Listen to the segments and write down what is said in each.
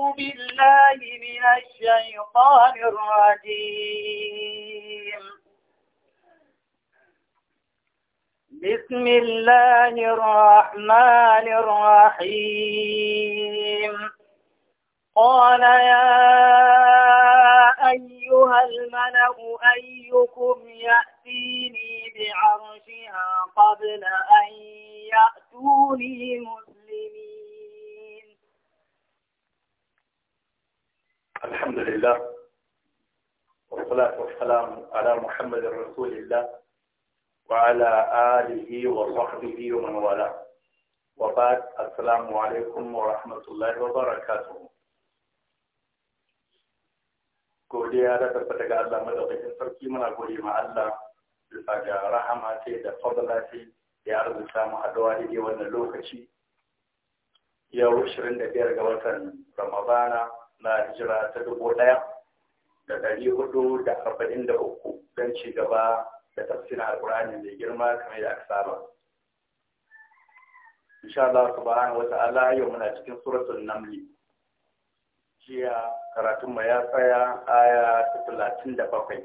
أعوذ بالله من الشيطان الرجيم بسم الله الرحمن الرحيم قال يا أيها الملأ أيكم يأتيني بعرشها قبل أن يأتوني مسلمين الحمد لله والصلاة والسلام على محمد رسول الله وعلى آله وصحبه ومن والاه وبعد السلام عليكم ورحمة الله وبركاته قولي على تبتك الله مدقك تركي من أقولي مع الله بالفاجة رحمتي لفضلاتي يا رب السلام أدواني ونلوكتي يا رشرين لبيرك وطن رمضان na jira ta dubu ɗaya da ɗari hudu da arba'in da uku don ci gaba da tafsirin alƙur'ani mai girma kamar da aka saba. Insha Allah hana wata ala yau muna cikin suratun Namli. Jiya karatun mu ya tsaya aya ta talatin da bakwai.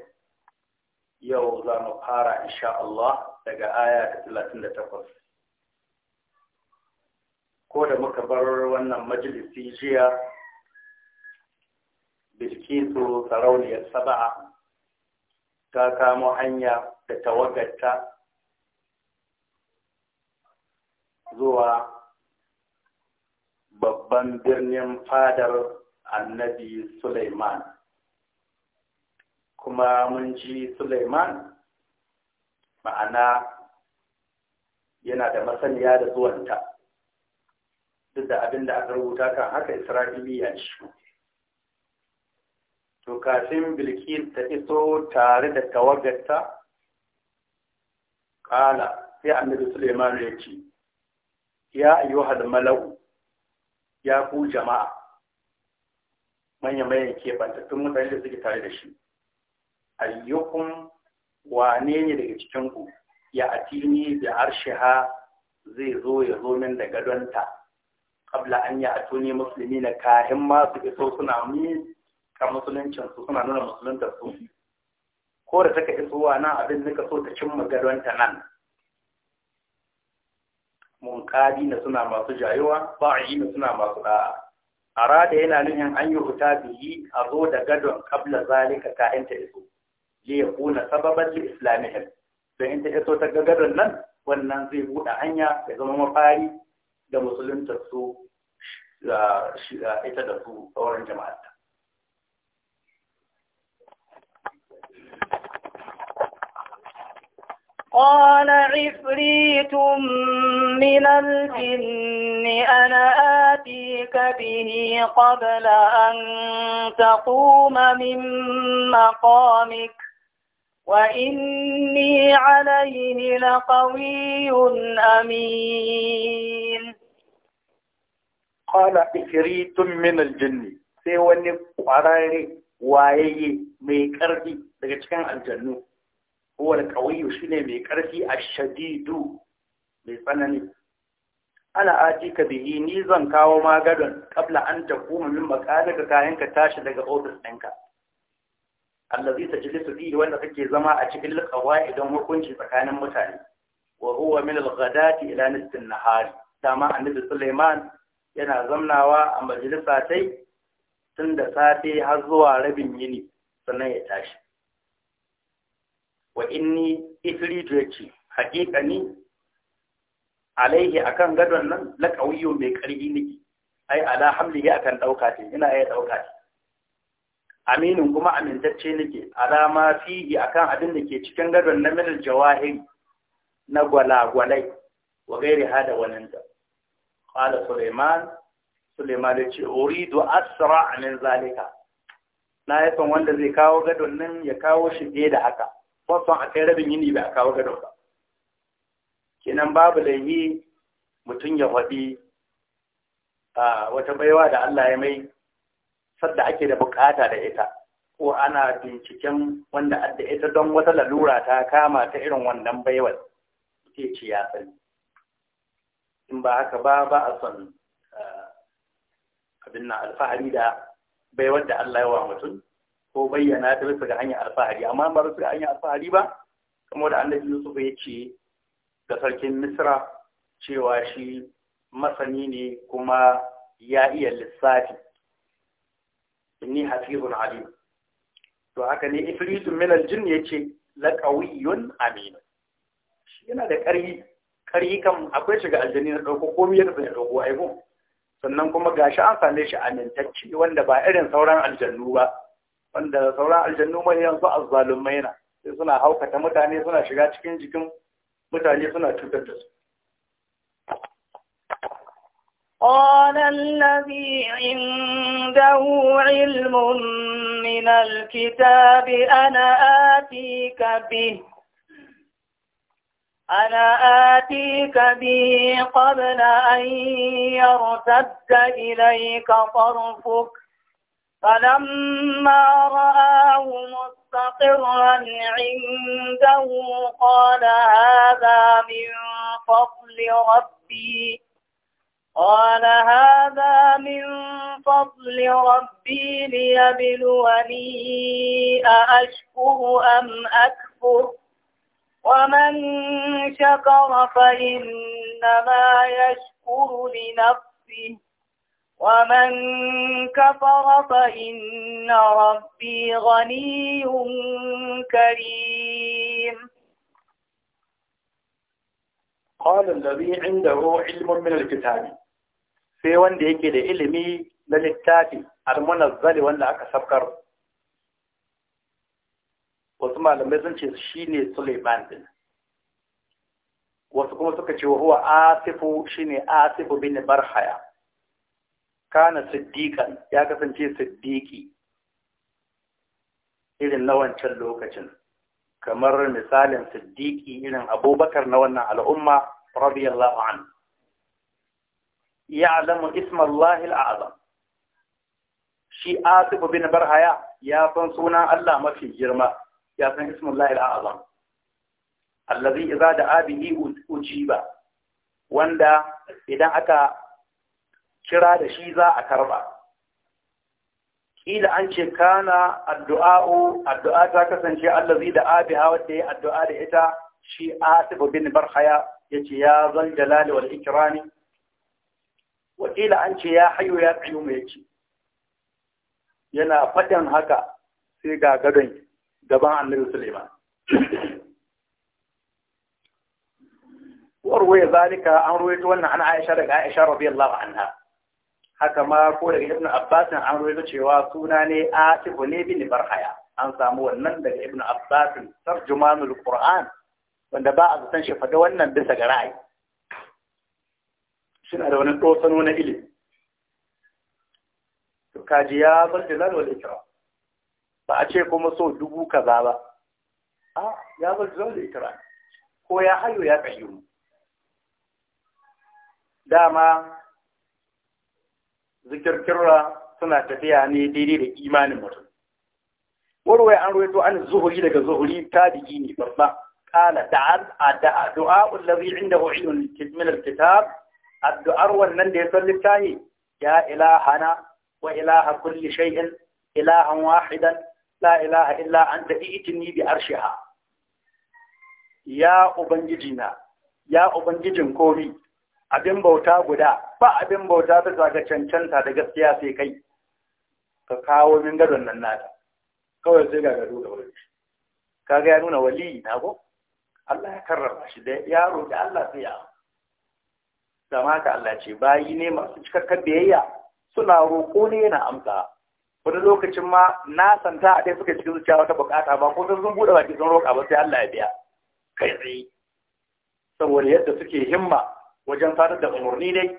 Yau za mu fara insha Allah daga aya ta talatin da takwas. Ko da muka bar wannan majalisi jiya bilkisu sarauniyar saba'a ta kamo hanya da tawagarta zuwa babban birnin fadar annabi Suleiman. Kuma mun ji Suleiman ma'ana yana da masaniya da zuwanta, duk da abin da aka rubuta kan haka Isra'iliya ce. to kafin bilkin ta iso tare da tawagarta kala sai annabi suleiman ya ce ya ayyo malau ya ku jama'a manya-manyan kebantattun mutane da suke tare da shi ayyukun wane ne daga cikinku ya atini da arshiha zai zo ya zo min da gadonta kabla an yi atuni musulmi na kahin masu iso suna kan musuluncin su suna nuna musulunta su ko da take isowa nan abin nika so ta cimma ta nan Mun kadi na suna masu jayuwa, yi na suna masu da'a arada yana nuhin an yi huta biyi a zo da gadon kabla zalika ta ta iso li ya kuna sababan li don in ta iso ta ga gadon nan wannan zai buɗe hanya ya zama mafari da musulunta su ah, ah, ita da su sauran jama'ar قال عفريت من الجن أنا آتيك به قبل أن تقوم من مقامك وإني عليه لقوي أمين قال عفريت من الجن سيواني قراري وايي ميكردي لكي تكون الجنو huwa al shine mai karfi a shadidu mai tsanani ana atika bihi ni zan kawo magadon kabla an kuma min ga kayan ka tashi daga office ɗinka allazi tajlisu yi wanda kake zama a cikin liqawa idan hukunci tsakanin mutane wa huwa min al ila nisfin nahari dama annabi Suleiman yana zamnawa a majalisa tai tun da safe har zuwa rabin yini sannan ya tashi wa inni ifritu yake haƙiƙa ni alaihi akan gadon nan la qawiyyu mai ƙarfi niki ai ala ya akan dauka ce ina iya dauka ce aminin kuma amintacce nake ma fihi akan abin da ke cikin gadon na min jawahiri na gwalai wa gairi hada da qala suleiman suleiman ya ce uridu asra min zalika na yakan wanda zai kawo gadon nan ya kawo shi da haka kwafa a kai rabin yini ba a kawo gado ba kenan babu laifi mutum ya faɗi wata baiwa da Allah ya mai sadda ake da bukata da ita ko ana binciken wanda adda ita don wata lalura ta kama ta irin wannan baiwar ke ce ya sani in ba haka ba ba a son abin na alfahari da baiwar da Allah ya wa mutum ko bayyana ta bisa ga hanyar alfahari amma ba su ga hanyar alfahari ba kamar da annabi Yusuf ya ce ga sarkin Misra cewa shi masani ne kuma ya iya lissafi inni hafizun alim to haka ne ifritu min aljin yace laqawiyyun amin shi yana da ƙarfi ƙarfi kan akwai shiga aljani na dauko komai da zai dauko aiko sannan kuma gashi an same shi amintacce wanda ba irin sauran aljannu ba wanda da sauran aljannu mai yanzu azzalumai na sai suna haukata mutane suna shiga cikin jikin mutane suna cutar da su قال الذي عنده علم من الكتاب أنا آتيك به أنا آتيك به قبل أن يرتد إليك طرفك فلما رآه مستقرا عنده قال هذا من فضل ربي قال هذا من فضل ربي ليبلوني أأشكر أم أكفر ومن شكر فإنما يشكر لنفسه ومن كفر فإن ربي غني كريم قال الذي عنده علم من الكتاب في وندي كده علمي للكتاب المنزل وانا اكسبكر وثم المزن شيني سليمان بن وثم سكتش وهو آسف شيني آسف بن برحيا kana siddiqan ya kasance siddiqi irin na wancan lokacin kamar misalin siddiqi irin abubakar na wannan al'umma radiyallahu an ya'lamu isma Allah al'azam shi Asif bin Barhaya ya san sunan Allah mafi girma ya san isma Allah al'azam allazi da da'a bihi ujiba wanda idan aka kira da shi za a karba kila an ce kana addu'a'u addu'a ta kasance allazi da abiha wanda ya addu'a da ita shi Atib bin Barhaya yace ya zan jalali wal ikrami wa Wakila an ce ya hayo ya qayyum ci. yana faɗin haka sai ga gadon gaban annabi Suleiman warwaye zalika an ruwaito wannan ana Aisha daga Aisha radiyallahu anha haka ma ko daga ibn abbas an rawaito cewa suna ne a ne bin barhaya an samu wannan daga ibn abbas tarjumanul qur'an wanda ba a zaton shi da wannan bisa ga ra'ayi suna da wani tosano na ilimi to kaji ya bar jalal wal ikram ba a ce kuma so dubu kaza ba a ya bar jalal wal ikram ko ya hayo ya kayyumu dama zikirkirra suna tafiya ne daidai da imanin mutum warwaya an ruwaito an zuhuri daga zuhuri ta tabi'i ne babba Kala ta'al addu'a, du'a inda indahu ilmun min alkitab addu'ar wannan da ya san littafi ya ilahana wa ilaha kulli shay'in ilahan wahidan la ilaha illa anta i'tini bi arshiha ya ubangijina ya ubangijin komi abin bauta guda ba abin bauta ta ga cancanta da gaskiya sai kai ka kawo min gadon nan nata kawai sai ga gado da wuri kaga ya nuna wali na go? Allah ya karrama shi da yaro da Allah sai ya zama ka Allah ce bayi ne masu cikakken biyayya suna roƙo ne yana amsa wani lokacin ma na santa a dai suka cikin zuciya wata bukata ba ko sun buɗe baki sun roƙa ba sai Allah ya biya kai tsaye saboda yadda suke himma wajen sadar da umarni ne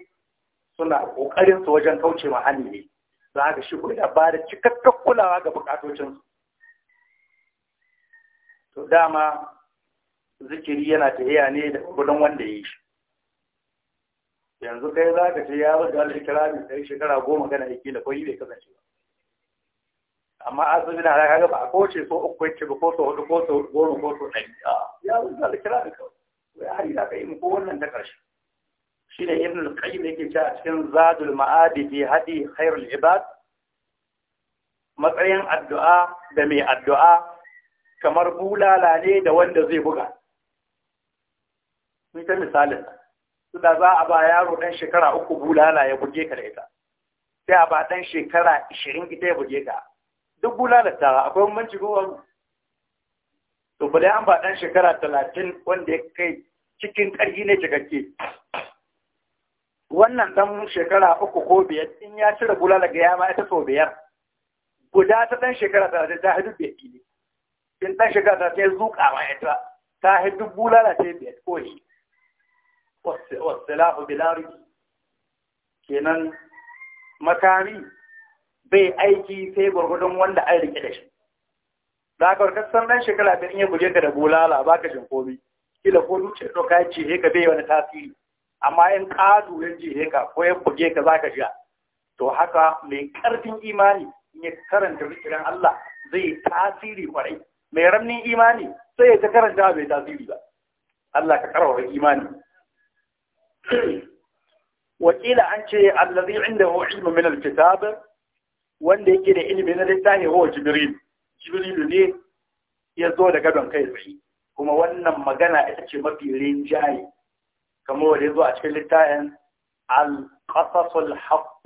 suna ƙoƙarin su wajen kauce ma hannu ne za ka shi kuma ba da cikakken kulawa ga bukatocinsu to dama zikiri yana tafiya ne da gudun wanda ya yi shi yanzu kai za ka ce ya zo da alikira mai tsaye shekara goma gana yake da kwayi bai kasance ba amma azumi na raka ga ba a kowace so uku yake ba ko so hudu ko so goma ko so ɗari ya zo da alikira da kawai ya hari da ka yi mu ko wannan ta ƙarshe ne ibn al-qayyim yake cewa a cikin zadul ma'adi bi hadi khairul ibad matsayin addu'a da mai addu'a kamar bulala ne da wanda zai buga mun ta misalin da za a ba yaro dan shekara uku bulala ya buge ka da ita sai a ba dan shekara 20 ita ya buge ka duk bulala ta akwai bambanci ko to bale an ba dan shekara 30 wanda ya kai cikin ƙarfi ne cikakke wannan dan shekara uku ko biyar in ya cire gula daga yama ita sau biyar guda ta dan shekara ta ta hidu biyar ne in dan shekara ta yi zuƙa ma ita ta hidu gula da ta biyar ko shi wasu bilari kenan makami bai aiki sai gwargwadon wanda an rike da shi da aka warkar san dan shekara biyar in ya guje ka da bulala baka jin komi kila ko zuciya ɗauka ce ka bai wani tasiri amma in ƙato ya jihe ka ko ya buge ka za ka sha to haka mai ƙarfin imani in ya karanta rikirin Allah zai yi tasiri kwarai mai ramnin imani sai ya karanta bai tasiri ba Allah ka karawa imani wakila an ce allazi indahu ilmu min alkitab wanda yake da ilimi na littafi huwa jibril jibril ne ya zo da gadon kai kuma wannan magana ita ce mafi rinjaye كما وريدو أشيل التائن القصص الحق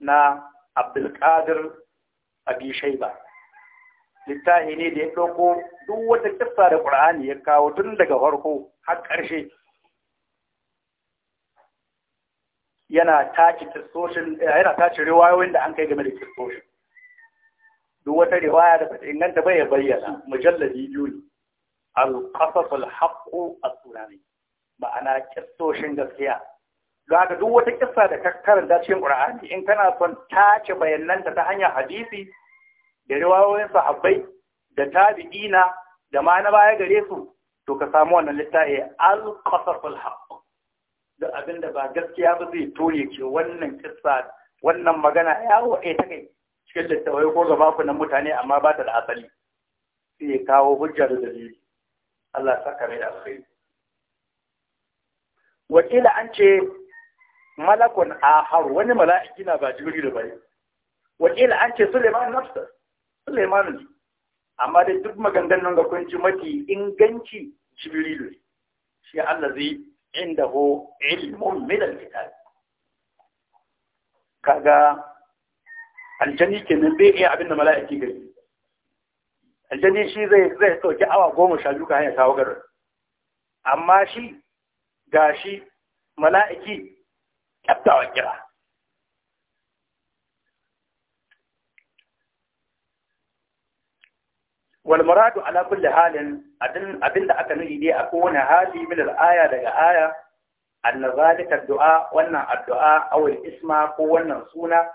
نا عبد القادر أبي شيبة للتائني دي لوكو دوة القصة القرآن يكا وتندق غرقو حق أرشي ينا تاكي تسوشن ينا تاكي رواية ويندا أنكي جميل تسوشن دوة رواية إن أنت بيه بيه مجلد يجوني القصص الحق القرآني ma'ana kissoshin gaskiya ga duk wata kissa da ka karanta cikin Qur'ani in kana son tace bayananta ta hanyar hadisi da riwayoyin sahabbai da tabi'ina da ma na baya gare su to ka samu wannan littafi al-qasas haqq da abinda ba gaskiya ba zai tore ke wannan kissa wannan magana ya wae eh ta kai cikin littafai ko gaba ku nan mutane amma ba ta da asali sai kawo hujja da dalili Allah saka mai da alkhairi wakila an ce malakun ahar wani mala'iki na ba jibril bane wakila an ce suleiman nafsa suleiman ne amma dai duk nan ga kunci mafi inganci jibrilu ne shi Allah zai inda ho ilmun min alkitab kaga aljani kenan bai iya abin da mala'iki gari aljani shi zai zai awa goma sha biyu ka hanyar kawo garin amma shi gashi mala’iki ƙyaftawa kira. Walmuradu ala kulle halin abin aka nuhi ne a kowane hali milar aya daga aya, annazalikar du’a wannan addu’a a isma ko wannan suna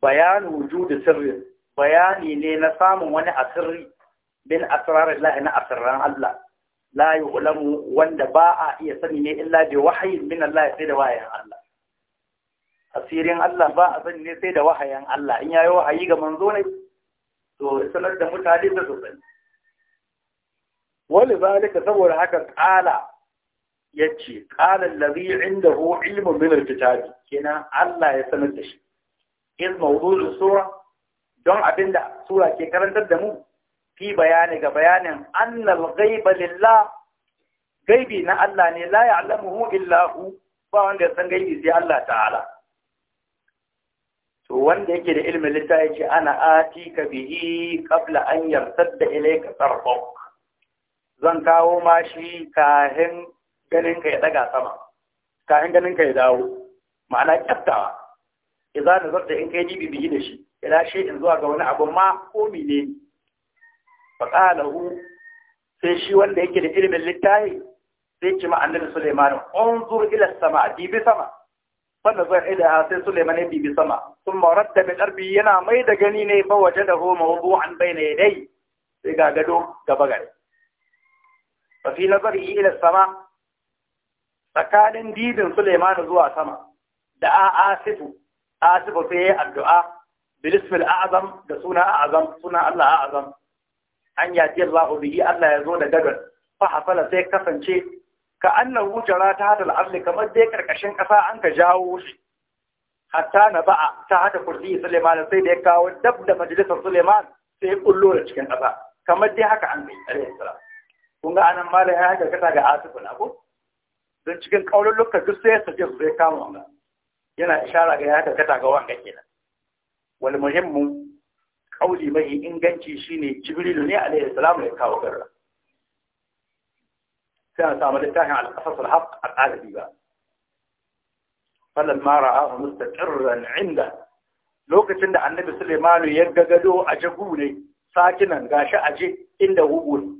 bayan wujudu sirri bayani ne na samun wani asirri bin asirarar la’ina asirran Allah. la ulamu, wanda ba a iya sani ne illa bi wahayin min Allah sai da wahayin Allah asirin Allah ba a sani ne sai da wahayin Allah in yayi wahayi ga manzo ne to sanar da mutane da su sani wani zalika saboda haka kala kala qala inda indahu ilmu min alkitabi kenan Allah ya sanar da shi Ilmu wuzu sura don abinda sura ke karantar da mu fi bayani ga bayanin annal ghaiba lillah gaibi na Allah ne la ya'lamuhu illa hu ba wanda ya san gaibi sai Allah ta'ala to wanda yake da ilmin littafi ce ana atika bihi qabla an yartada ilayka tarfuk zan kawo ma shi kahin ganin ka ya daga sama kahin ganin ka ya dawo ma'ana kyafta idan zarta in kai dibi bihi da shi ila in zuwa ga wani abu ma ko ne. faƙalahu sai shi wanda yake da ilimin littahi sai ce ma annabi Sulaiman unzur ila sama dibi sama wanda zai ida sai Sulaiman ya dibi sama sun maradda bi qalbi yana mai da gani ne fa wajadahu mawdu'an bayna yadai sai ga gado gaba gare fa fi nazari ila sama tsakanin dibin Sulaiman zuwa sama da asifu asifu sai addu'a bilismil a'zam da suna a'zam suna Allah a'zam an yaji Allah bihi Allah ya zo da gadon fa hafala sai kasance ka annan jara ta hadal ardi kamar dai karkashin kasa an ka jawo shi hatta na ba'a ta hada kurdi, Suleiman sai da ya kawo dab da majalisar Suleiman sai ya kullo da cikin kasa kamar dai haka an yi alaihi salam kun ga anan malai ya haka kasa ga asifu na ko don cikin kaurin lokacin duk sai ya sake su sai kama wannan yana ishara ga ya haka kasa ga wanga kenan wal muhimmu kauli mai inganci shine jibrilu ne alaihi salam ya kawo garra sai a samu littafin al-qasas al-haq al-arabi ba falan ma ra'ahu mustaqirran inda lokacin da annabi sulaimanu ya gagado a jagu ne sakinan gashi aje inda hubu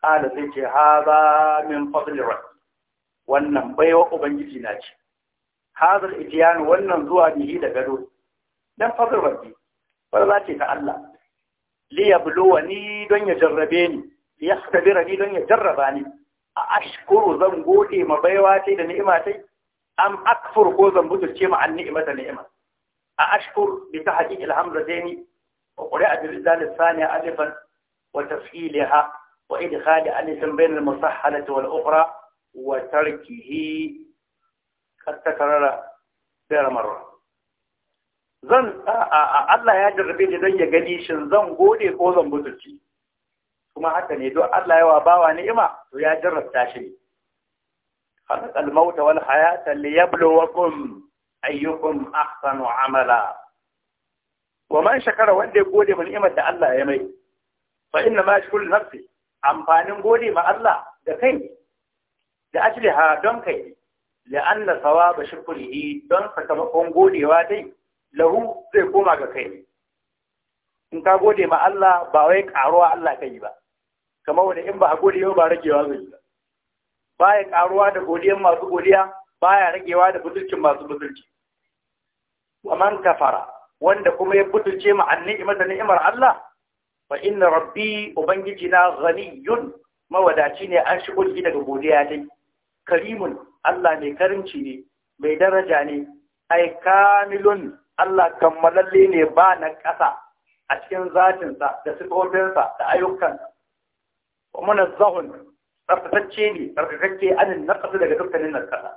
kala sai ce haza min fadli rabbi wannan baiwa ubangiji na ce hazar itiyan wannan zuwa bihi da gado dan fadli rabbi falala ce ta Allah li yabluwa ni don ya jarrabe ni li yastabira ni don ya jarraba ni a ashkuru zan gode ma baiwa ce da ni'ima ce am akfur ko zan butulce ma an ni'ima da ni'ima a ashkur bi ta haƙiƙi alhamdulillah wa qira'a bi rizal thaniya alifan wa tafhiliha wa idkhali alifan bayna al-musahhalati wal ukhra wa tarkihi qad takarrara bayra marra zan Allah ya jarrabe ni don ya gani shin zan gode ko zan butulci kuma haka ne don Allah yawa bawa ni'ima to ya jarrabta shi ne خلق الموت والحياة ليبلوكم أيكم أحسن Wa man شكر wanda ya gode ma ni'imar da Allah ya mai fa inna ma shukul nafsi amfanin gode ma Allah da kai da ajliha don kai la'anna sawaba shukrihi don sakamakon godewa dai lahu zai koma ga kai in ka gode ma Allah ba wai karuwa Allah kai ba kamar wanda in ba a gode ba ragewa zai ba baya karuwa da godiyan masu godiya baya ragewa da butulcin masu butulci wa man kafara wanda kuma ya butulce ma annima da ni'imar Allah fa inna rabbi ubangiji na ghaniyun mawadaci ne an shigo shi daga godiya dai karimun Allah mai karimci ne mai daraja ne ai kamilun Allah kammalalle ne ba na ƙasa a cikin zatinsa da sifofinsa da ayyukan Wa mana zahun tsarkakacce ne, tsarkakacce anin na ƙasa daga dukkanin na ƙasa.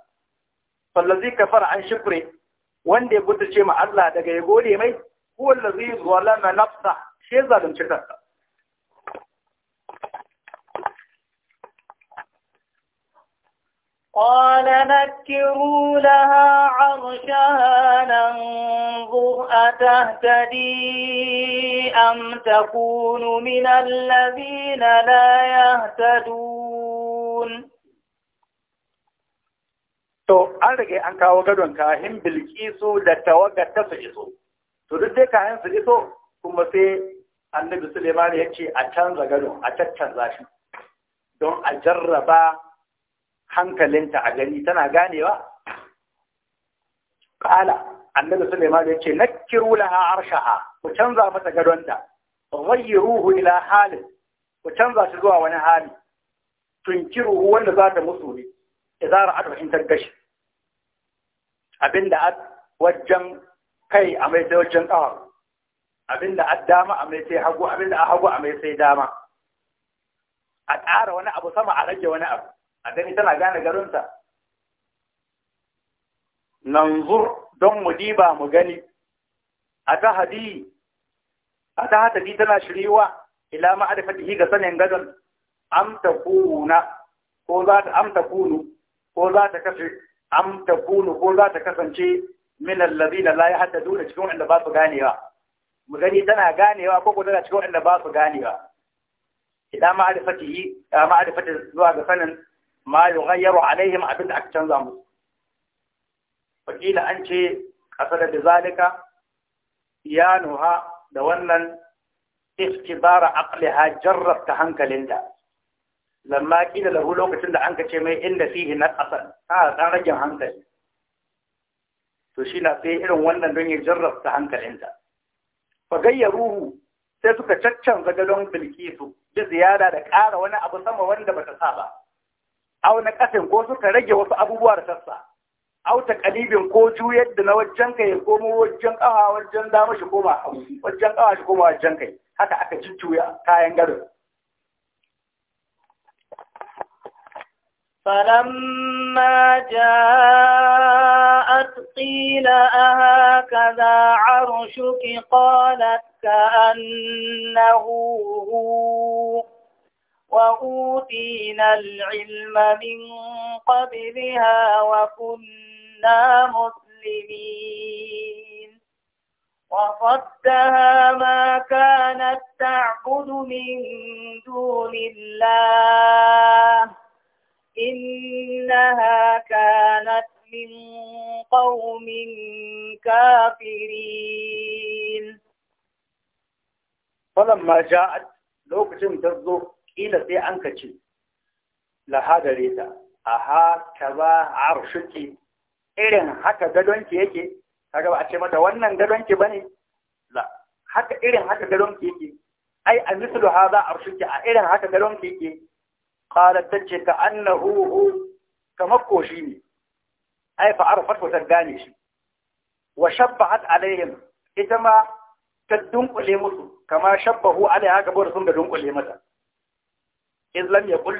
Fallazi kafar an shifre wanda ya butace ma Allah daga ya gode mai, ko lazi zuwa lana nafsa, shi zalunci kansa. قال نكروا لها عرشها ننظر أتهتدي أم تكون من الذين لا يهتدون To, an rage an kawo gadon kahin bilkisu da tawagarta su iso, to duk dai kahin su iso kuma sai annabi Suleiman ya ce a canza gado, a caccanza shi, don a jarraba hankalinta a gani tana ganewa Ƙala, annabi Sulaiman ya ce nakkiru laha arshaha ku canza mata gadonta ruhu ila halin ku canza shi zuwa wani hali ruhu wanda za ta musu ne idza ra'atu gashi. targashi abinda at wajen kai a mai sai wajen Abin abinda at dama a mai sai hagu abinda a hagu a mai sai dama a ƙara wani abu sama a rage wani abu a gani tana gane garinta nanzur don mu diba mu gani a ta hadi a ta hatadi tana shirewa ila fatihi ga sanin gadon amta kuna ko za ta amta kunu ko za ta kafe amta kunu ko za ta kasance min allazina la yahtaduna cikin wanda ba su ganewa mu gani tana ganewa ko ko tana cikin wanda ba su ganewa ila ma'ada fatihi zuwa ga sanin ma yughayyaru alaihim abin da aka canza musu wakila an ce kasar da zalika ya nuha da wannan istibara aqliha jarrabta hankalinta lamma kila lahu lokacin da an ce mai inda fihi na kasar ta dan rage hankali to shi na sai irin wannan don ya jarrabta hankalinta fa Ruhu sai suka caccanza gadon bilkisu da ziyara da ƙara wani abu sama wanda bata sa ba au na ƙasin ko suka rage wasu abubuwa da sassa au ta kalibin ko juyar da na wajen kai ko mu wajen kawa wajen dama shi koma wajen kawa shi koma wajen kai haka aka jujjuya kayan garin فلما جاءت قيل أهكذا عرشك قالت كأنه هو وأوتينا العلم من قبلها وكنا مسلمين وصدها ما كانت تعبد من دون الله إنها كانت من قوم كافرين فلما جاءت كنت تزور ƙila sai an ka ce lahadare ta a haka ba arshiki irin haka gadonki yake kaga ba a ce mata wannan gadonki bane la haka irin haka gadonki yake ai a mislu hadha arshiki a irin haka gadonki yake qalat tace ka annahu kamar koshi ne ai fa arfat ta gane shi wa shabbahat alaihim ita ma ta dunkule musu kama shabbahu alaiha gabar sun da dunkule mata in lam kul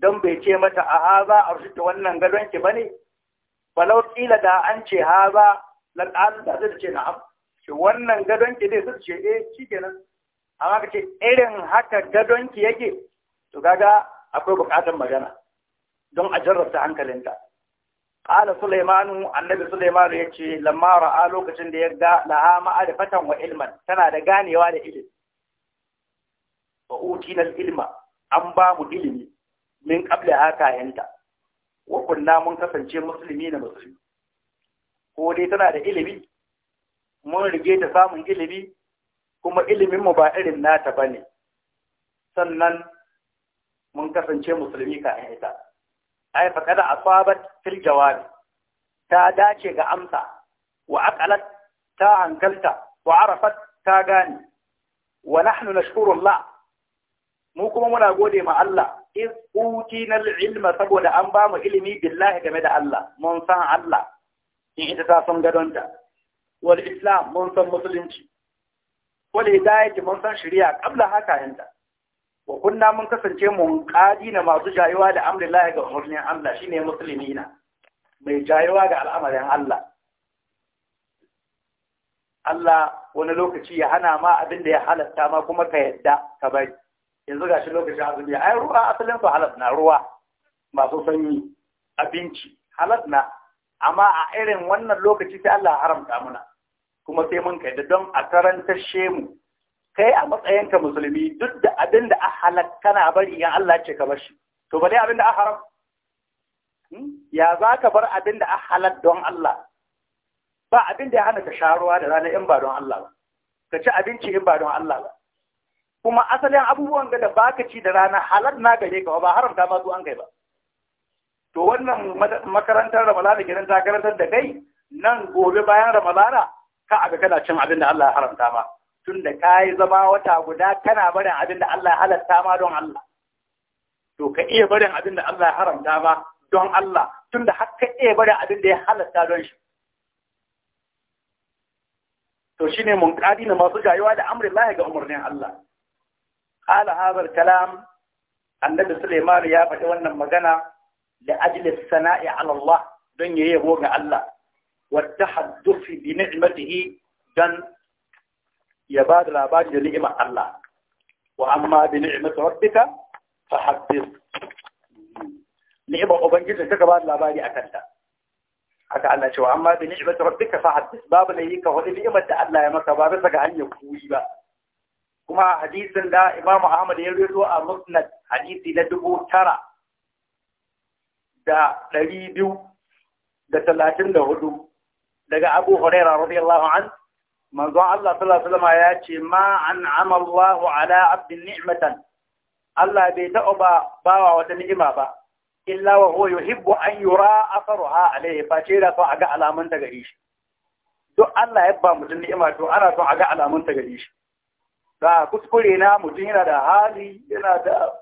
don bai ce mata a za a rushe wannan gadon ki bane falau kila da an ce ha za an da zai ce na'am shi wannan gadon dai zai ce eh shikenan amma ka ce irin haka gadonki yake to gaga akwai bukatar magana don a jarrabta hankalinta qala sulaymanu annabi sulaymanu yace lamma ra'a lokacin da ya ga laha ma'arifatan wa ilman tana da ganewa da ilimi fa utina ilma an ba mu ilimi min kabla haka yanta wa kunna mun kasance musulmi na musulmi ko dai tana da ilimi mun rige ta samun ilimi kuma ilimin mu ba irin nata bane sannan mun kasance musulmi ka ita ai fa kada asabat fil jawabi ta dace ga amsa wa aqalat ta hankalta wa arafat ta gane wa nahnu nashkuru Allah mu kuma muna gode ma Allah iz utina ilma saboda an ba mu ilimi billahi game da Allah mun san Allah in ita ta san gadonta wal islam mun san musulunci wal hidayati mun san shari'a kabla haka yanda wa kunna mun kasance mun kadi na masu jayuwa da amrillahi ga umarnin Allah shine musulmina mai jayuwa ga al'amarin Allah Allah wani lokaci ya hana ma abin da ya halatta ma kuma ka yadda ka bari yanzu gashi lokacin azumi ai ruwa asalin su halal na ruwa masu sanyi abinci halal na amma a irin wannan lokaci sai Allah haramta muna kuma sai mun kai da don a karantar shemu kai a matsayinka musulmi duk da abin da a kana bari in Allah ce ka bar shi to bale abin da a haram hmm? ya za ka bar abin da a halal don Allah ba abin da ya hana ka sharuwa da rana in ba don Allah ba ka ci abinci in ba don Allah ba kuma asalin abubuwan da ka ci da rana halar na gare ka ba haramta ma su an kai ba to wannan makarantar ramadana gidan ta da kai nan gobe bayan ramadana ka aga kana cin abin da Allah ya haramta ma tun da ka yi zama wata guda kana barin abin da Allah ya halatta ma don Allah to ka iya barin abin da Allah ya haramta ma don Allah tun da har ka iya barin abin da ya halatta don shi to shine mun kadi na masu jayewa da amrin lahi ga umarnin Allah qala hadha kalam annabi Sulaiman ya faɗi wannan magana da ajli sana'i ala Allah don yayi ga Allah wa tahaddufi bi ni'matihi dan ya ba da labari da ni'imar Allah wa amma bi ni'mati rabbika fa haddith ni'imar ubangiji ta ba da labari a kanta haka Allah cewa amma bi ni'mati rabbika fa babu ne ka ni'imar da Allah ya maka ba bisa ga hanyar ba kuma hadisin da Imam Ahmad ya rito a Musnad hadisi na dubu tara da ɗari biyu da talatin da hudu daga Abu Huraira radiyallahu an manzo Allah sallallahu alaihi ya ce ma an amallahu ala abdin ni'matan Allah bai taɓa bawa wata ni'ima ba illa wa huwa yuhibbu an yura asaruha alaihi fa ce da so a alamun ta gare shi duk Allah ya ba mutum ni'ima to ana so a ga alamun ta gare shi ba kuskure na mutum yana da hali yana da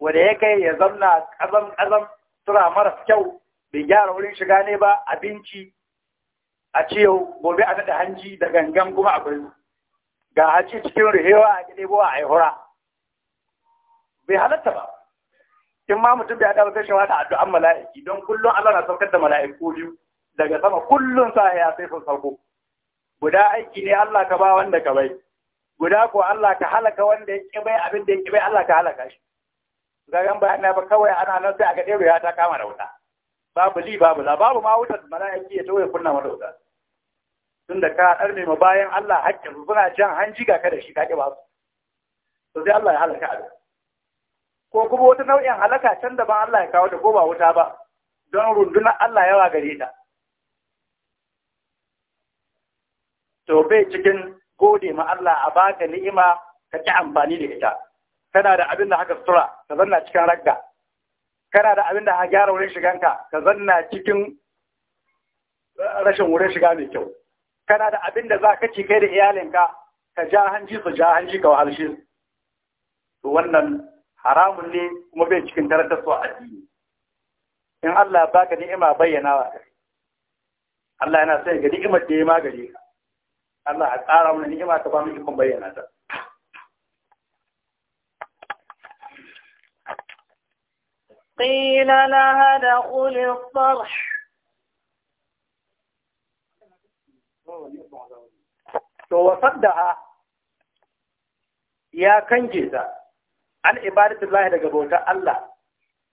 wanda ya kai ya zamna ƙazam-ƙazam tura maras kyau bai gyara wurin shiga ne ba abinci a ciyau gobe a daɗa hanji da gangan kuma akwai ga haji cikin rihewa a gide a haihura. bai halatta ba in ma mutum bai haɗa sai shawa da addu'an mala'iki don kullum Allah na saukar da mala'iku biyu daga sama kullum sa ya sai sun sauko guda aiki ne Allah ka ba wanda ka bai guda ko Allah ka halaka wanda ya ƙi bai abin da ya ƙi bai Allah ka halaka shi Zagan bayan na ba kawai ana nan sai aka ɗero ya ta kama da wuta babu li babu la babu ma wutar mala'iki ya tawaye kunna mata wuta tun da ka ɗarme ma bayan Allah hakkin su suna jan hanji ga ka da shi ka ƙi ba su to sai Allah ya halaka abin ko kuma wata nau'in halaka can da ban Allah ya kawo da ko ba wuta ba don rundunar Allah yawa gare ta to bai cikin gode ma Allah a baka ni'ima ka ci amfani da ita kana da abin da haka sutura ka zanna cikin ragga kana da abin da ha gyara wurin shiganka ka zanna cikin rashin wurin shiga mai kyau kana da abin da za ka ci kai da iyalinka ka ja hanji su ja hanji ka wahalshi to wannan haramun ne kuma bai cikin darajar su addini in Allah baka ni'ima bayyana wa Allah yana sai ga ni'imar da ya magare ka Allah ya tsara mana ni'ima ta ba mu ikon bayyana ta na hada دخل الصرح to wasan da ha ya kange ta an ibadatullahi daga bautar Allah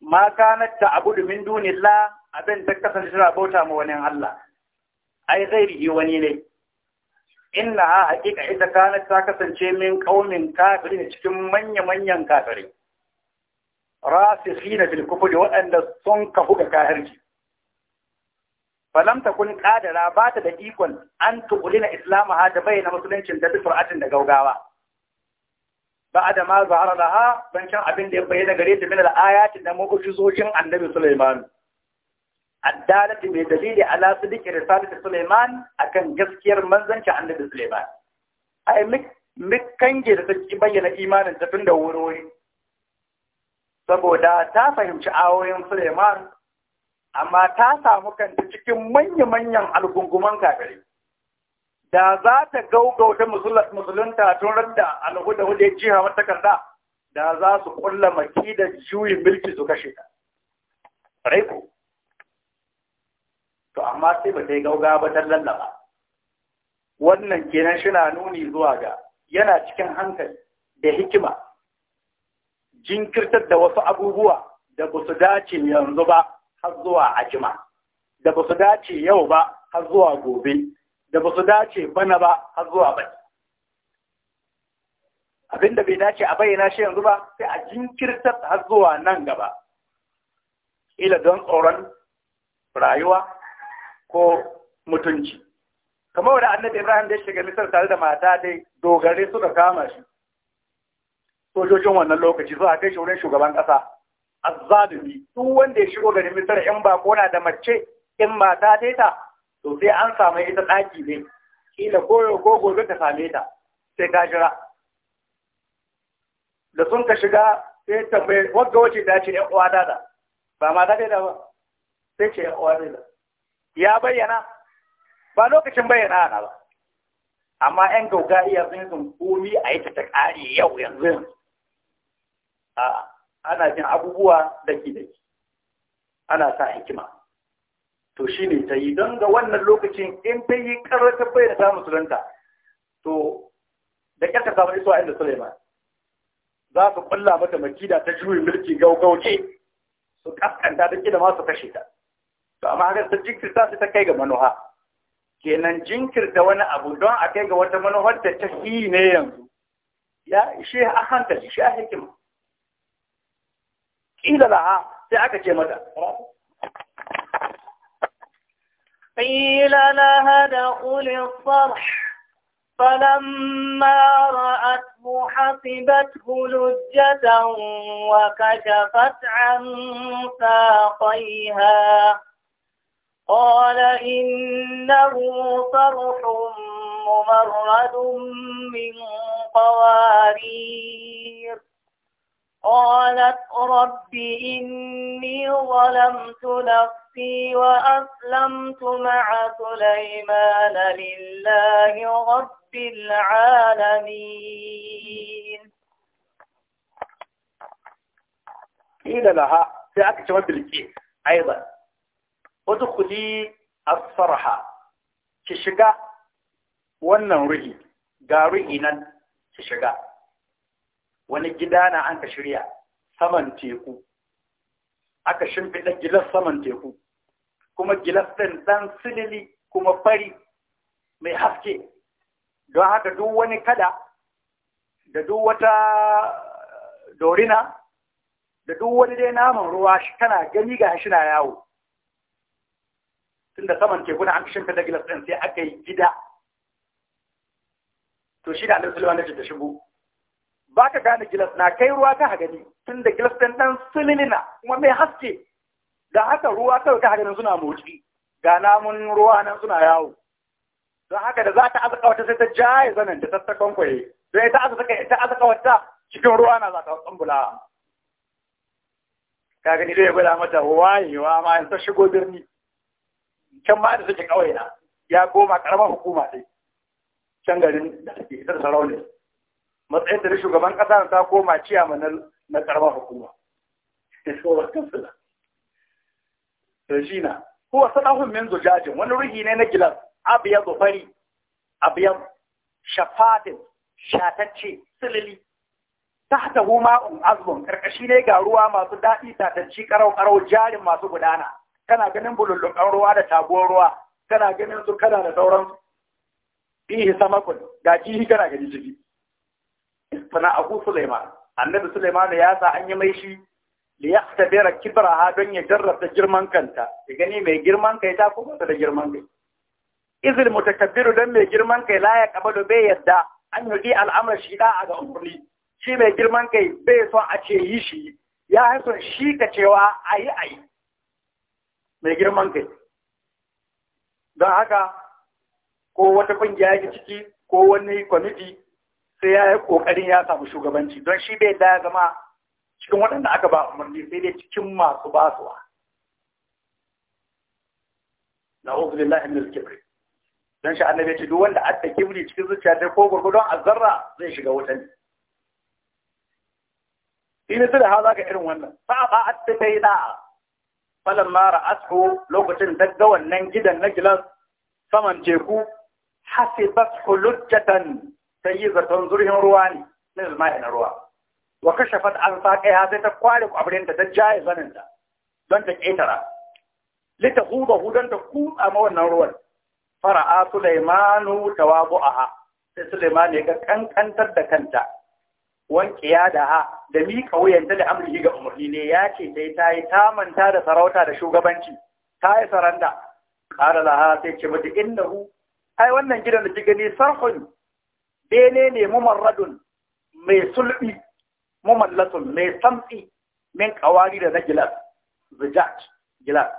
ma kanat ta'budu min duniya. abin ta kasance tana bauta ma wani Allah ai zai ghairihi wani ne inna ha haƙiƙa ita kana ta kasance min kafiri ne cikin manya-manyan fi na filkufu da waɗanda sun kafu ga kafirci falam Kun ƙadara ba ta da ikon an islamu islamaha da bayyana musuluncin da bifra'atin da gaugawa da ma zahara ha ban can abin da ya bayyana gare ta min al'ayatin da da mu'jizojin annabi sulaimanu addalati mai dalili ala sidiki risalati Sulaiman akan gaskiyar manzanci annabi Sulaiman ai mik kange da take bayyana imanin ta tun da wuri saboda ta fahimci ayoyin Sulaiman amma ta samu kanta cikin manya-manyan algunguman kafiri da za ta gaugauta musulunta tun radda alhuda hudu ya jiha mata kanta da za su kulla maki da juyin mulki su kashe ta. Raiko, to amma sai ba ta yi gauga ba ta lallaba wannan kenan shina nuni zuwa ga yana cikin hankali da hikima jinkirtar da wasu abubuwa da ba su dace yanzu ba har zuwa ajima da ba su dace yau ba har zuwa gobe da ba su dace bana ba har zuwa bai abin da bai dace a bayyana shi yanzu ba sai a jinkirtar har zuwa nan gaba ila don tsoron rayuwa ko mutunci kamar wani annabi Ibrahim da ya shiga Misar tare da mata dai dogare suka kama shi sojojin wannan lokaci zuwa kai shi wurin shugaban kasa azzalimi duk wanda ya shigo garin Misar in ba na da mace in mata dai ta to sai an samu ita daki ne kila koyo ko gobe ta same ta sai ka jira da sun ka shiga sai tambaye wadda wace ta ce 'yan uwa da ba ma da ba sai ce 'yan uwa da ya bayyana ba lokacin bayyana na ba amma yan gauga iya sun komi a yi ta ƙari yau yanzu yanzu a ana jin abubuwa da ke ana sa hikima to shi ne ta yi don ga wannan lokacin in ta yi bai bayyana ta musulunta to da ƙyar ka samu isuwa inda suleiman za su ƙulla mata makida ta juyin mulki gaugauke su kaskanta da ƙida masu kashe ta to amma haka ta jinkirta su ta kai ga manuha kenan jinkirta wani abu don a kai ga wata manuhar da ta fi ne yanzu ya ishe a hankali shi a hikima ƙila ha sai aka ce mata قيل لها دخل الصرح فلما رأته حسبته لجة وكشفت عن ساقيها قال إنه صرح ممرد من قوارير قالت رب إني ظلمت نفسي وأسلمت مع سليمان لله رب العالمين إلى لها في أكتب أيضا udkhuli as-sarha ki shiga wannan ruhi ga ruhi nan ki shiga wani gida na an ka shirya saman teku aka shimfiɗa gilas saman teku kuma gilas ɗin ɗan sinili kuma fari mai haske don haka duk wani kada da duk wata dorina da duk wani dai naman ruwa shi kana gani ga shi na yawo tunda saman tekuna an shimfi da gilas ɗin sai aka yi gida to shi da annabi sallallahu alaihi da shigo ba ka gane gilas na kai ruwa ka tun tunda gilas ɗin ɗan sulilina kuma mai haske da haka ruwa kawai ka hagani suna motsi ga namun ruwa nan suna yawo don haka da za ta azaka wata sai ta jaye zanen da ta kwankwaye sai ta azaka ta azaka wata cikin ruwa na za ta tsambula ka gani dai gwada mata wayewa ma in ta shigo birni can ma da suke kawai ya koma karamar hukuma sai can garin da ke isar sarauni matsayin da shugaban ƙasa ta koma ciyama na karamar hukuma Rajina, huwa ɗahun min zujajin wani ruhi ne na gilas abiyar zufari abiyar shafatin shatacce silili tahta huma un azbun karkashi ne ga ruwa masu daɗi tatacci karau karau jarin masu gudana kana ganin bulullukan ruwa da taguwar ruwa kana ganin su kana da sauran fihi samakun ga kihi kana gani ciki istana abu suleiman annabi suleiman ya sa an yi mai shi li yahtabira kibraha don ya jarrabta girman kanta ya gani mai girman kai ta kuma da girman kai izil mutakabbiru don mai girman kai la ya kabalu bai yadda an yi al'amar shi da'a ga umarni shi mai girman kai bai son a ce yi shi ya haifar shi ka cewa a yi a yi mai girman kai don haka ko wata ƙungiya ya ciki ko wani kwamiti sai ya yi ƙoƙarin ya samu shugabanci don shi bai da ya zama cikin waɗanda aka ba umarni sai dai cikin masu basuwa na uzulillahi min kibri dan shi annabi ce duk wanda adda kibri cikin zuciya ta ko a zarra zai shiga wutan Ina su da haza ga irin wannan fa ba atta bayda falan mara asko lokacin daga wannan gidan na gilas saman teku hasibat hulujjatan sai yi zaton zurhin ruwa ne na zama na ruwa wa kashafat an saƙai sai ta kware da ta jaye ta. don ta ƙetara lita huba don ta kutsa ma wannan ruwan fara'a sulaimanu tawabu'aha sai sulaiman ya ga kankantar da kanta wankiya da ha da miƙa wuyanta da amurki ga umarni ne ya ce dai ta yi ta manta da sarauta da shugabanci ta yi saranda ƙara laha sai ce inda innahu ai wannan gidan da ki gani sarhun bene ne radun mai sulbi mumallatun mai samfi min kawari da na gilas zijat gilas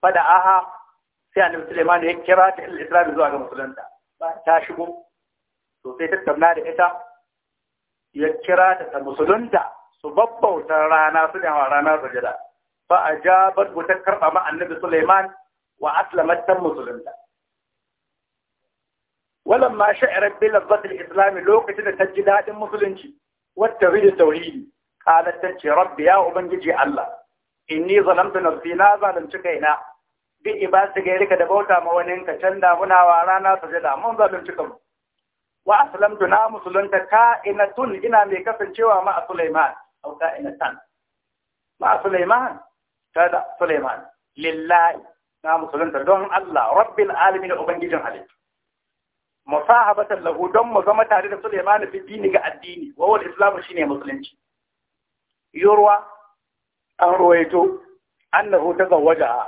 fada aha sai annabi Suleiman ya kira ta islam zuwa ga musulunta ta shigo to sai tattauna da ita ya kira ta ta musulunta su babbauta rana su da rana sujada fa ja wa ta karɓa ma annabi suleiman wa aslamat ta musulunta ma sha'ira bi lazzat islam lokacin da ta ji daɗin musulunci wata tawhid tauhidi qalat ta ce rabbi ya ubangiji Allah inni zalamtu nafsi na zalunci kaina bi ibasi gairika da bauta ma wani ka canda muna wa rana sujada mun zalunci kanmu wa aslamtu na musulunta ka'inatun ina mai kasancewa ma Sulaiman au ka'inatan ma Sulaiman kada Sulaiman lillahi na musulunta don Allah rabbil alamin ubangijin halittu musahabatan lahu don mu zama tare da Sulaiman fi dini ga addini wa wal islamu shine musulunci yurwa an ruwaito annahu tazawwaja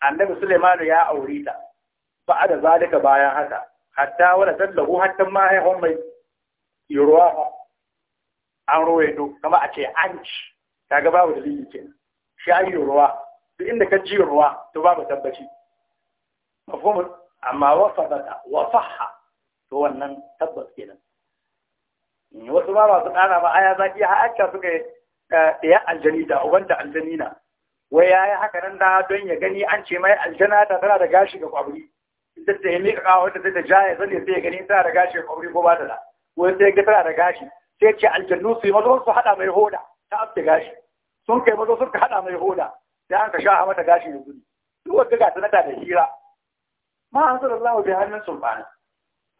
annabi Sulaiman ya aure da za zalika bayan haka hatta wala sallahu hatta ma ya homai mai yurwa an ruwaito kama a ce an ci kaga babu dalili ke shi an yurwa duk inda ka ji ruwa to babu tabbaci mafhumu amma wafadata wa sahha to wannan tabbas kenan hmm, wasu ba ba su tsara ba aya zaki ha aka suka eh, ɗaya aljani da uban da aljanina wai ya yi haka nan da don ya gani an ce mai aljana ta tana da gashi ga kwabri ita ta yi miƙa kawo ta ta jaya zan sai ya gani ta da gashi kwamri ko ba ta da ko sai ga ta da gashi sai ce aljannu su yi mazo su haɗa mai hoda ta afta gashi sun kai mazo suka haɗa mai hoda sai an ka sha mata gashi da gudu duk wanda ga sanata da hira ma an zara Allah bai hannun sulfana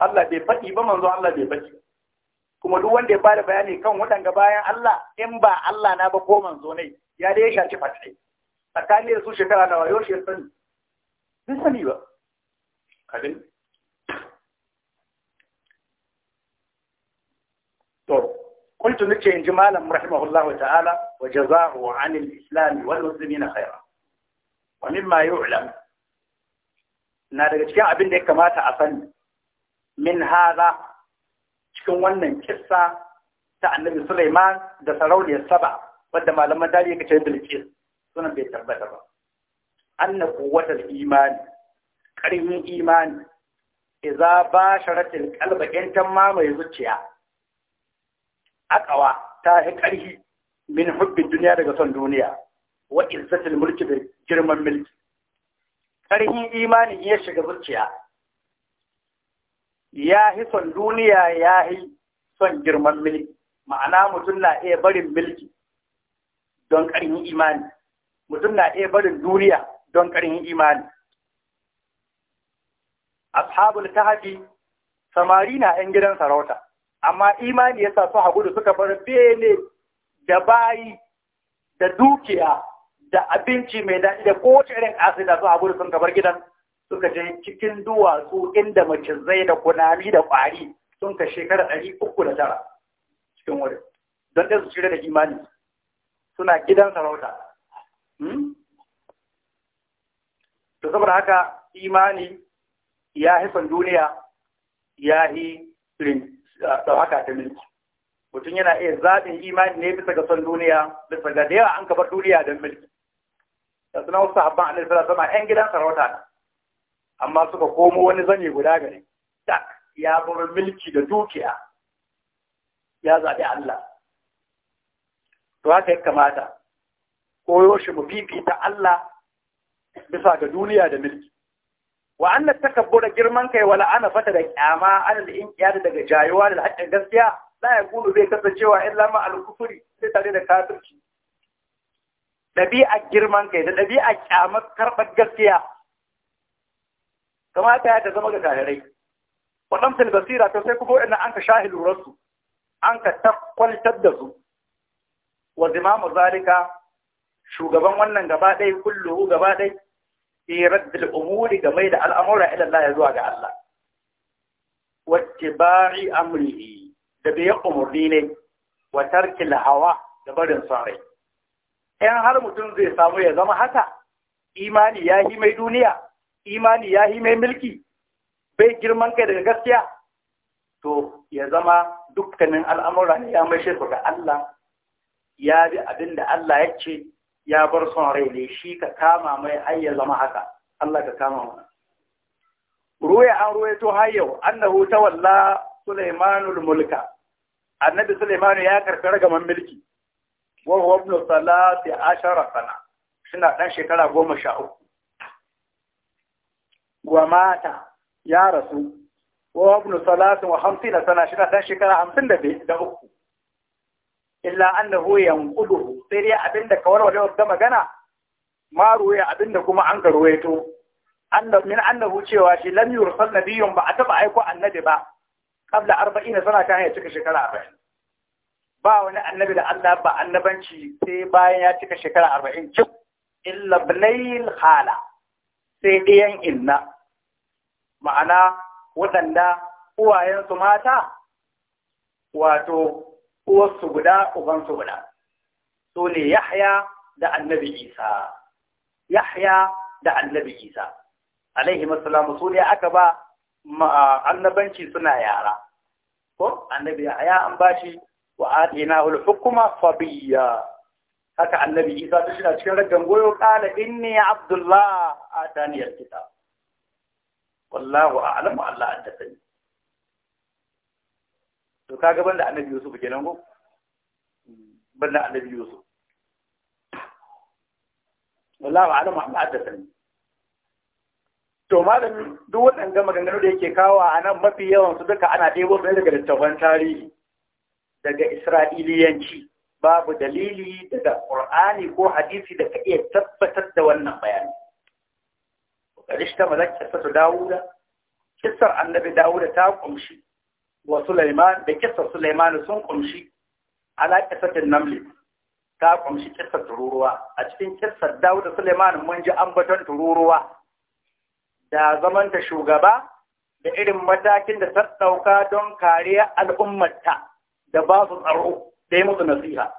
Allah bai faɗi ba manzo Allah bai faɗi kuma duk wanda ya bada bayani kan waɗanga bayan Allah in ba Allah na ba ko manzo ne ya dai ya shaci fatai tsakanin su shekara nawa yau shi sani sun sani ba kadin to kuntu nace inji malam rahimahullahu ta'ala wa jazahu 'anil islam wal muslimina khaira wa mimma yu'lam na daga cikin abin da ya kamata a sani min haza cikin wannan kissa ta annabi Sulaiman da sarauniyar Saba wadda malaman tarihi kace Bilqis sunan bai tabbata ba anna quwwatul imani ƙarfin imani iza ba sharatin kalba yantan mai zuciya akawa ta yi ƙarfi min hubbin duniya daga son duniya wa izzatul mulki da girman mulki ƙarfin imani ya shiga zuciya ya yi son duniya ya yi son girman mulki ma'ana mutum na iya barin mulki don ƙarfin imani mutum na iya barin duniya don ƙarfin imani ashabul kahfi samari na ƴan gidan sarauta amma imani yasa su haƙuri suka bar bene da bayi da dukiya da abinci mai daɗi da kowace irin asida su haƙuri sun bar gidan suka je cikin duwatsu inda zai da kunami da ƙwari sun ka shekara ɗari uku da tara cikin wurin don ɗan su shirya da imani suna gidan sarauta hmm? to saboda haka imani ya yi duniya ya yi ɗauka ta milki mutum yana iya zaɓin imani ne bisa ga son duniya bisa ga da yawa an kabar duniya don milki da suna wasu sahabban a salatu sama yan gidan sarauta amma suka komo wani zane guda gari. tak ya bar milki da dukiya ya zaɓi Allah to haka ya kamata koyo shi mu fifita Allah bisa ga duniya da milki wa anna da girman kai wala ana fata da kyama ana da in kiyada daga jayuwa da haƙƙin gaskiya la gulu zai kasancewa illa ma al-kufri sai tare da kafirci ɗabi'a girman kai da ɗabi'a kyama karɓar gaskiya kamata ya ta zama ga wannan waɗansu basira to sai ku waɗanda an ka shahil rasu, an ka takwaltar da su wa zimamu zalika shugaban wannan gaba dai kullu gaba dai fi raddil umuri game da al'amura ila Allah zuwa ga Allah wattiba'i amrihi da biya umurni ne wa hawa da barin sarai Yan in har mutum zai samu ya zama haka imani ya yi mai duniya imani ya yi mai mulki bai girman kai daga gaskiya to ya zama dukkanin al'amura ne ya mai shirku Allah ya bi abin da Allah ya ce ya bar son rai ne shi ka kama mai ai zama haka Allah ka kama mana. ruwaya an to har yau annahu tawalla sulaimanul mulka annabi sulaimanu ya karkar ragaman mulki wa huwa ibn salati ashara sana suna dan shekara goma sha uku wa mata ya rasu wa ibn salati wa hamsina sana shi dan shekara hamsin da uku illa annahu yanquduhu sai dai abinda ka warware wata magana ma ya abinda kuma an ka min annahu cewa shi lam yursal nabiyyun ba a taba aiko annabi ba qabla 40 sana kan ya cika shekara 40 ba wani annabi da Allah ba annabanci sai bayan ya cika shekara 40 cik illa blayl khala sai ɗiyan inna ma'ana waɗanda uwayensu mata wato uwarsu guda ubansu guda so ne Yahya da Annabi Isa Yahya da Annabi Isa alaihi ne aka ba annabanci suna yara ko Annabi Yahya an bashi wa haka Annabi Isa ta shiga cikin raggan goyo kala inni Abdullah atani al wallahu a'lamu Allah an tasani to kaga banda Annabi Yusuf kenan ko banda Annabi Yusuf alama a'lam da sani to malamin duk waɗanda maganganu da yake kawo a nan mafi yawan su duka ana ɗebo su daga littattafan tarihi daga isra'iliyanci babu dalili daga qur'ani ko hadisi da ka iya tabbatar da wannan bayani rishta malak kissatu dawuda kissar annabi dawuda ta kumshi wa sulaiman da kissar sulaiman sun kumshi ala kissatin namli ta kumshi kissar tururuwa a cikin kissar Dawuda Suleiman mun ji ambaton tururuwa da zaman da shugaba da irin matakin da ta dauka don kariya al'ummarta da ba su tsaro da yi musu nasiha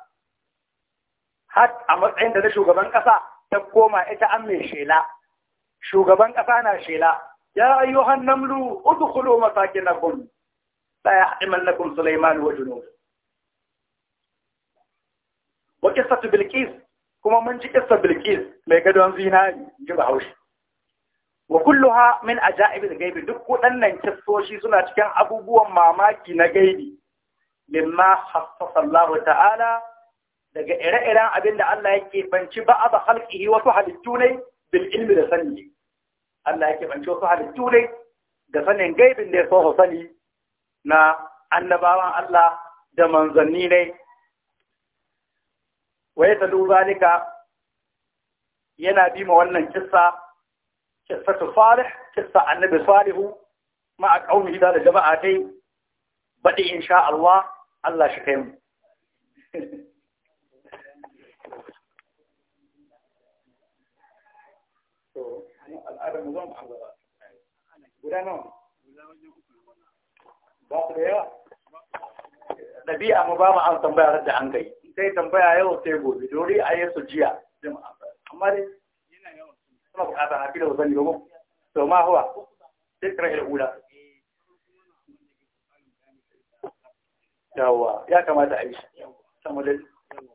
har a matsayin da na shugaban ƙasa ta koma ita an mai shela shugaban ƙasa na shela ya ayyuhan namlu udkhulu masakinakum la lakum Sulaiman wa junudu wa ƙistatu bilqis kuma mun ji qissar bilqis mai gadon zinari ji bahaushe wa kulluha min ajaibil gaibi duk waɗannan kissoshi suna cikin abubuwan mamaki na gaibi mimma hassasa Allah ta'ala daga ire-iren abin da Allah yake banci ba a ba halƙihi wasu halittu ne bil ilmi da sani Allah yake banci wasu halittu ne da sanin gaibin da ya so sani na annabawan Allah da manzanni ne wa ya talu zalika yana bi ma wannan kissa kissatu salih kissa annabi salihu ma a kaumi da jama'a dai baɗi insha Allah Allah shi kai mu al'adar mu zan guda nawa ba su da yawa ɗabi'a mu ba mu an tambaya da an gai sai tambaya yau sai gobe dori a yi su jiya amma dai suna bukatar hafi da wasanni gobe to ma huwa sai kira ilhula yawa ya kamata a yi shi sama da hmm.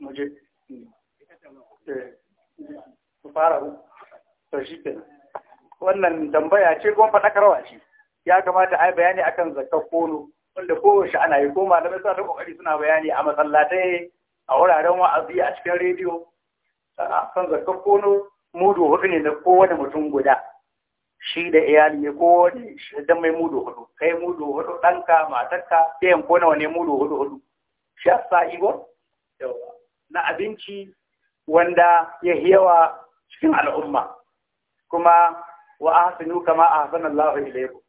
hmm. eh. wannan tambaya ce kuma faɗakarwa ce ya kamata a yi bayani akan zakar kono wanda kowace ana yi ko malamai suna da kokari suna bayani a masallatai a wuraren wa'azi a cikin rediyo kan zakar kono mudu hudu ne na kowane mutum guda shi da iyali ne kowane da mai mudu hudu kai mudu hudu ɗanka matarka ɗayan ko nawa ne mudu hudu hudu shi sa igor na abinci wanda ya yawa cikin al'umma kuma wa ahsinu kama ahsana Allahu ilaykum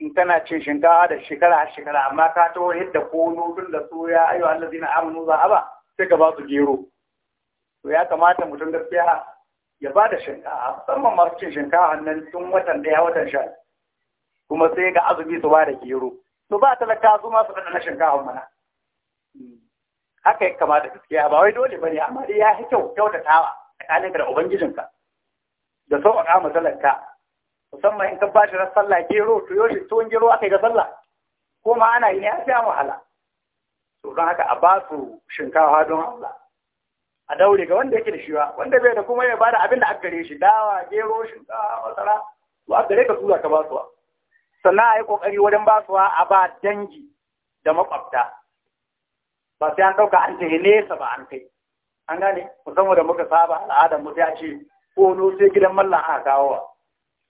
in kana cin shinkawa da shekara a shekara amma ka Wani yadda ko nufin da soya ayo allazi na amanu za a ba sai ka ba su gero to ya kamata mutum gaskiya ya ba da shinkawa musamman masu cin shinkawa nan tun watan daya watan sha kuma sai ga azumi su ba da gero to ba talaka su ma su na shinkawa mana haka ya kamata gaskiya ba wai dole bane amma dai ya fi kyau kyautatawa tsakaninka da ubangijinka da sauƙaƙa masalarka musamman in ka ba shi sallah gero to yau tuwon gero aka yi ga sallah ko ma ana yi ne a sha wahala to don haka a ba su shinkawa don Allah a daure ga wanda yake da shiwa wanda bai da kuma ya bada abin da aka gare shi dawa gero shinkawa, masara to aka dare ka tura ka ba su sannan a yi kokari wajen ba su a ba dangi da makwabta ba sai an ɗauka an tafi nesa ba an kai an gane musamman da muka saba al'adar mu sai a ce ko no sai gidan mallan aka kawo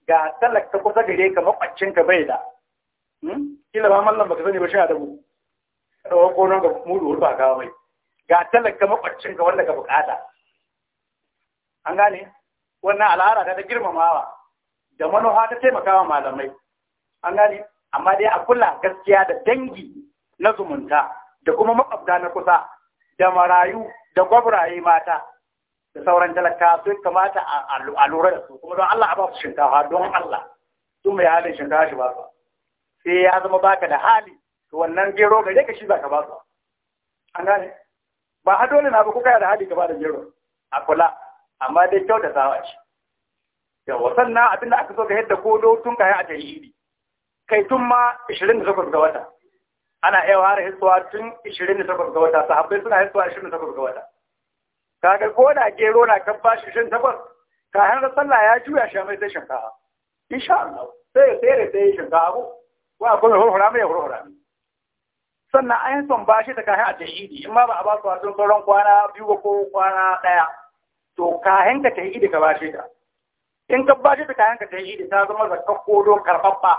ga talak ta kusa gare ka makwacin ka bai da hmm? kila ba mallam baka sani ba sha da mu ko nan ga mudu ba ga mai ga talak ka makwacin ka wanda ka bukata an gane wannan al'ada ta da girmamawa da manoha ta taimakawa malamai an gane amma dai a kula gaskiya da dangi na zumunta da kuma makwabta na kusa da marayu da gwabraye mata da sauran talaka sun kamata a lura da su kuma don Allah a ba su shinkafa don Allah su mai halin shinkafa shi ba su sai ya zama baka da hali to wannan gero gare ka shi zaka ba su an gane ba ha dole na ba kuka da hali gaba da gero a kula amma dai kyauta sawa ce yawa sannan abin da aka so ga yadda kodo tun kayan a jahili kai tun ma 28 ga wata ana iya ware hitsuwa tun 28 ga wata sahabbai suna hitsuwa 28 ga wata kaga ko da gero na kan bashi shin takwas kayan da sallah ya juya shi mai sai shinkafa insha Allah sai ya tsere sai shinkafa ko akwai horo ramai horo ramai sannan an son bashi da kahin a tashidi in ma ba a ba su wasu sauran kwana biyu ko kwana ɗaya to kahin ka tashidi ka bashi ta in ka bashi ta kayan ka tashidi ta zama zakar kodon karfafa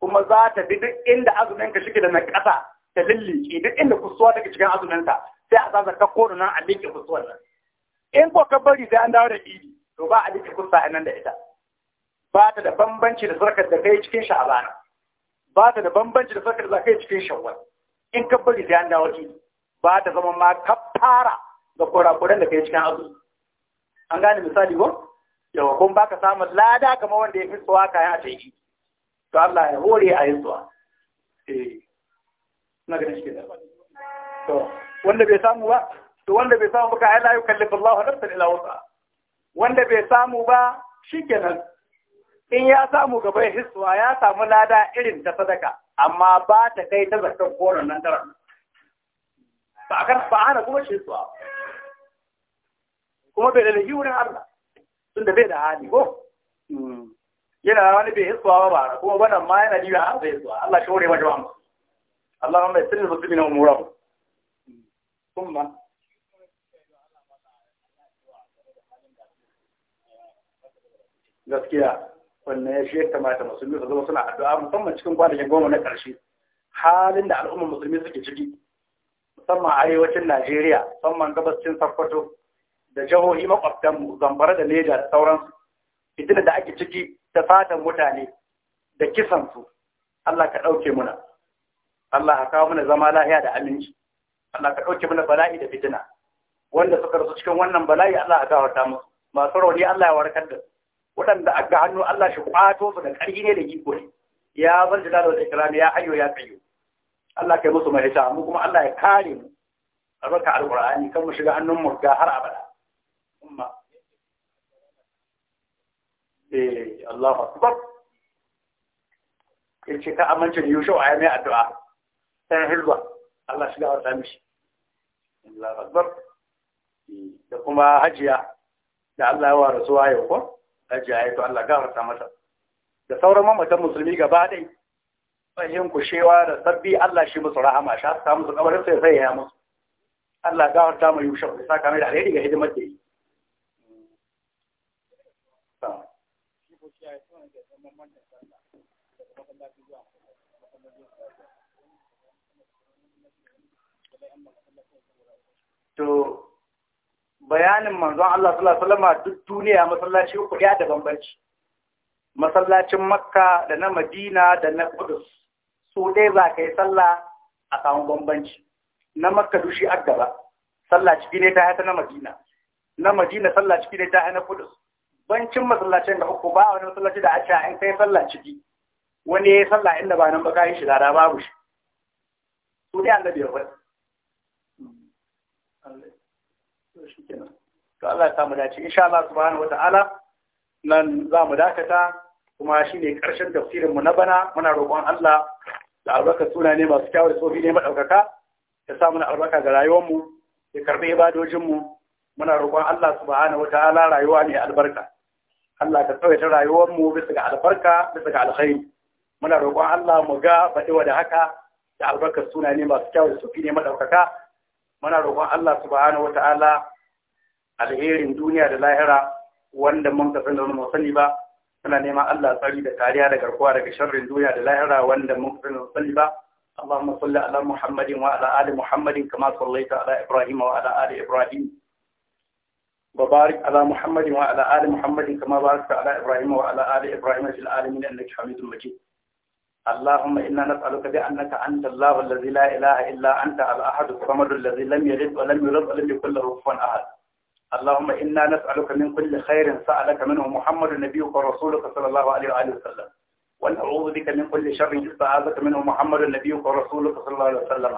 kuma za ta bi duk inda azumin ka shige da na kasa ta lillice duk inda kusuwa daga cikin azumin ta sai a zaza ta kodo nan a liƙe kusa wannan in ko ka bari sai an dawo da idi to ba a liƙe kusa a nan da ita ba ta da bambanci da sarkar da kai cikin sha'abana ba ta da bambanci da sarkar da kai cikin shawwal in ka bari sai an dawo idi ba ta zama ma kafara ga kurakuran da kai cikin azumi an gane misali ko yawa kun baka samun lada kamar wanda ya fi tsawa kayan a taiki to Allah ya hore a yin tsawa eh na ganin shi da to والنبي سامو با والنبي سامو بقى لا يكلف الله نفسا الا وسعها والنبي سامو با شيكنا ان يا سامو غبي حسوا يا سامو لادا ايرين ده صدقه اما با تكاي ده زكر كورن نان دار فاكر فانا كما شيسوا كما بين الهيون عبد تند بين عادي هو yana wani bai hisuwa ba kuma wannan ma yana jiya a bai hisuwa Allah shi wuri wajen Allah mai sirrin musulmi na umura kuma gaskiya wannan ya shi kamata musulmi su zama suna addu'a musamman cikin kwanakin goma na ƙarshe halin da al'ummar musulmi suke ciki musamman arewacin Najeriya musamman gabascin Sokoto da jihohi makwabtan Zamfara da Neja da sauransu fitina da ake ciki ta fatan mutane da kisan su Allah ka ɗauke muna Allah ka kawo mana zama lahiya da aminci Allah ka ɗauke mana bala'i da fitina wanda suka rasu cikin wannan bala'i Allah a gawarta musu masu rauni Allah ya warkar da waɗanda aka hannu Allah shi kwato su da ƙarfi ne da iko ne ya bar jalal da ikram ya ayyo ya kayo Allah kai musu mai mu kuma Allah ya kare mu albarka alqur'ani kan mu shiga hannun murga har abada umma eh Allahu akbar yace ka amince da yusho a mai addu'a sai hilwa Allah shiga wa sami mishi. Allah akbar da kuma hajiya da Allah ya wa rasuwa yau ko hajiya ya to Allah gafarta mata da sauran mamatan musulmi gaba ɗai bayan kushewa da sabbi Allah shi musu rahama sha ta musu kabarin sai sai ya musu Allah gafarta mai yusha da saka mai da alheri ga hidimar da yi Thank to bayanin manzon Allah sallallahu alaihi wasallam duk duniya masallaci uku ya da bambanci masallacin Makka da na Madina da na Qudus su dai za ka yi sallah a samu bambanci na Makka dushi aggaba sallah ciki ne ta haita na Madina na Madina sallah ciki ne ta haita na Qudus bancin masallacin da uku ba wani masallaci da a in kai sallah ciki wani ya yi sallah inda ba nan ba ka yi shi da babu shi su dai annabi ya faɗi to Allah ya samu dace insha Allah subhanahu wata'ala nan za mu dakata kuma shine karshen tafsirin mu na bana muna roƙon Allah da albarka suna ne masu kyawar tsofi ne madaukaka ya sa na albarka ga rayuwar mu ya karbi ibadojin mu muna roƙon Allah subhanahu wata'ala rayuwa ne albarka Allah ka tsawaita rayuwar mu bisa ga albarka bisa ga alkhairi muna roƙon Allah mu ga baɗewa da haka da albarkar suna ne masu kyawar tsofi ne madaukaka muna roƙon Allah subhanahu wata'ala alherin duniya da lahira wanda mun ka san da wani musali ba muna neman Allah tsari da kariya da garkuwa daga sharrin duniya da lahira wanda mun ka san da musali ba اللهم صل على محمد وعلى آل محمد كما صليت على إبراهيم wa آل إبراهيم وبارك على محمد وعلى آل محمد كما باركت على اللهم إنا نسألك بأنك أنت الله الذي لا إله إلا أنت الأحد الصمد الذي لم يلد ولم يولد ولم يكن له كفوا أحد اللهم إنا نسألك من كل خير سألك منه محمد نبيك ورسولك صلى الله عليه وآله وسلم ونعوذ بك من كل شر استعاذك منه محمد نبيك ورسولك صلى الله عليه وسلم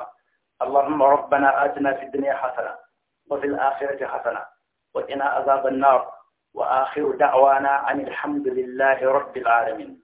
اللهم ربنا آتنا في الدنيا حسنة وفي الآخرة حسنة وقنا عذاب النار وآخر دعوانا أن الحمد لله رب العالمين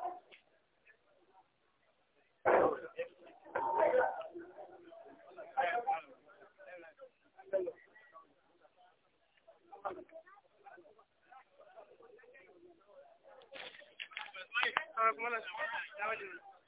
Thank you.